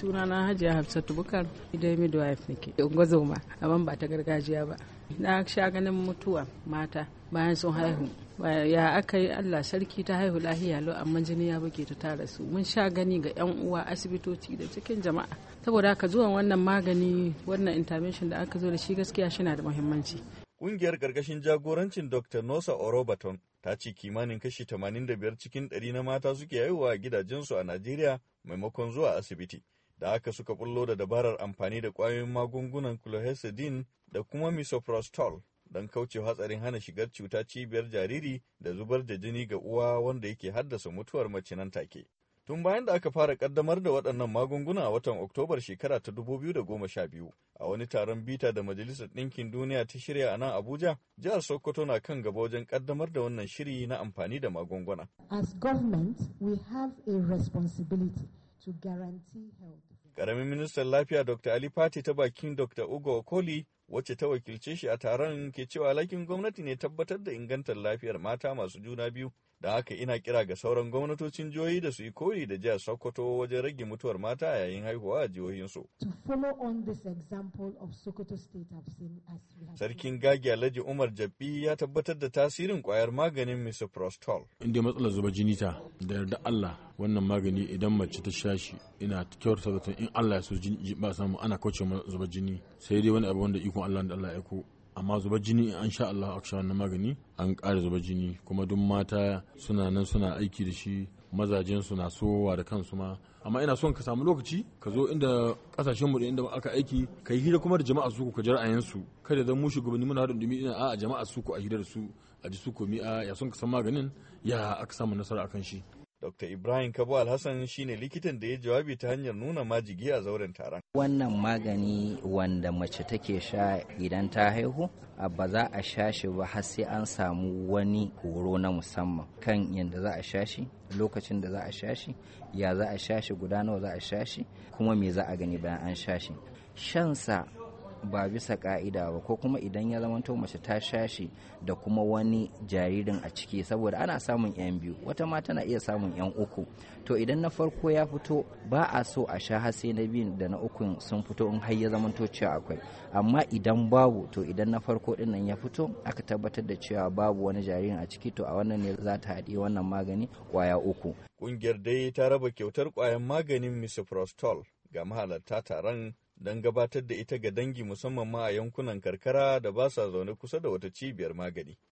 suna na hajiya hafsatu bukar idai midwife nake ma amma ba ta gargajiya ba na sha ganin mutuwa mata bayan sun haihu ya aka yi allah sarki ta haihu lahiya lo amma jini ya buke ta tara su mun sha gani ga yan uwa asibitoci da cikin jama'a saboda haka zuwa wannan magani wannan intervention da aka zo da shi gaskiya shi na da muhimmanci kungiyar gargashin jagorancin Dr. Nosa Orobaton ta ce kimanin kashi biyar cikin 100 na mata suke haihuwa a gidajensu a Najeriya maimakon zuwa asibiti. da aka suka bullo da dabarar amfani da ƙwayoyin magungunan chlorhexidine da kuma misoprostol don kaucewa hatsarin hana shigar cuta cibiyar jariri da zubar da jini ga uwa wanda yake haddasa mutuwar mace nan take. Tun bayan da aka fara kaddamar da waɗannan magunguna a watan Oktobar shekara ta da goma sha biyu a wani taron bita da Majalisar Ɗinkin Duniya ta shirya a nan Abuja, jihar Sokoto na kan gaba wajen kaddamar da wannan shiri na amfani da magunguna. As government, we have a responsibility Ƙaramin ministan lafiya Dr. Ali Fati ta bakin Dr. Ugo Okoli wacce ta wakilce shi a taron ke cewa lakin gwamnati ne tabbatar da ingantar lafiyar mata masu juna biyu Da haka ina kira ga sauran gwamnatocin jihohi da su yi koyi da jihar Sokoto wajen rage mutuwar mata yayin haihuwa a jihohinsu. Sarkin Gagi Alhaji Umar Jabbi ya tabbatar da tasirin kwayar maganin misoprostol. Inda matsalar zuba jini ta da yarda Allah wannan magani idan mace ta sha shi ina kyautar in Allah ya so jini ba samu ana kauce zuba jini sai dai wani abu wanda ikon Allah da Allah ya ko amma zubar jini an sha Allah aka na magani an ƙara zubar jini kuma duk mata suna nan suna aiki da shi mazajen su na sowa da kansu ma amma ina son ka samu lokaci ka zo inda kasashen mu da inda aka aiki ka yi hira kuma da jama'a su ku ji ra'ayin su kada zan mu shugabanni muna haɗin dumi ina a jama'a su ku a hira da su a ji su komi a ya son ka san maganin ya aka samu nasara akan shi Dr. Ibrahim Kabo Alhassan ne likitan da ya jawabi ta hanyar nuna majigi a zauren taron. Wannan magani wanda mace take sha idan ta haihu, ba za a sha shi ba har sai an samu wani horo na musamman kan yadda za a sha shi, lokacin da za a sha shi, ya za a sha shi, guda nawa za a sha shi, kuma me za a gani bayan an sha shi. Shansa ba bisa ka'ida ba ko kuma idan ya zamanto mace ta shashi da kuma wani jaririn a ciki saboda ana samun yan biyu wata ma tana iya samun yan uku to idan na farko ya fito ba a so a sha har sai na biyu da na uku sun fito in har ya zamanto cewa akwai amma idan babu to idan na farko din nan ya fito aka tabbatar da cewa babu wani jaririn a ciki to a wannan ne za ta haɗi wannan magani kwaya uku kungiyar dai ta raba kyautar kwayan maganin misoprostol ga mahalarta taron don gabatar da ita ga dangi musamman ma a yankunan karkara da ba sa zaune kusa da wata cibiyar magani.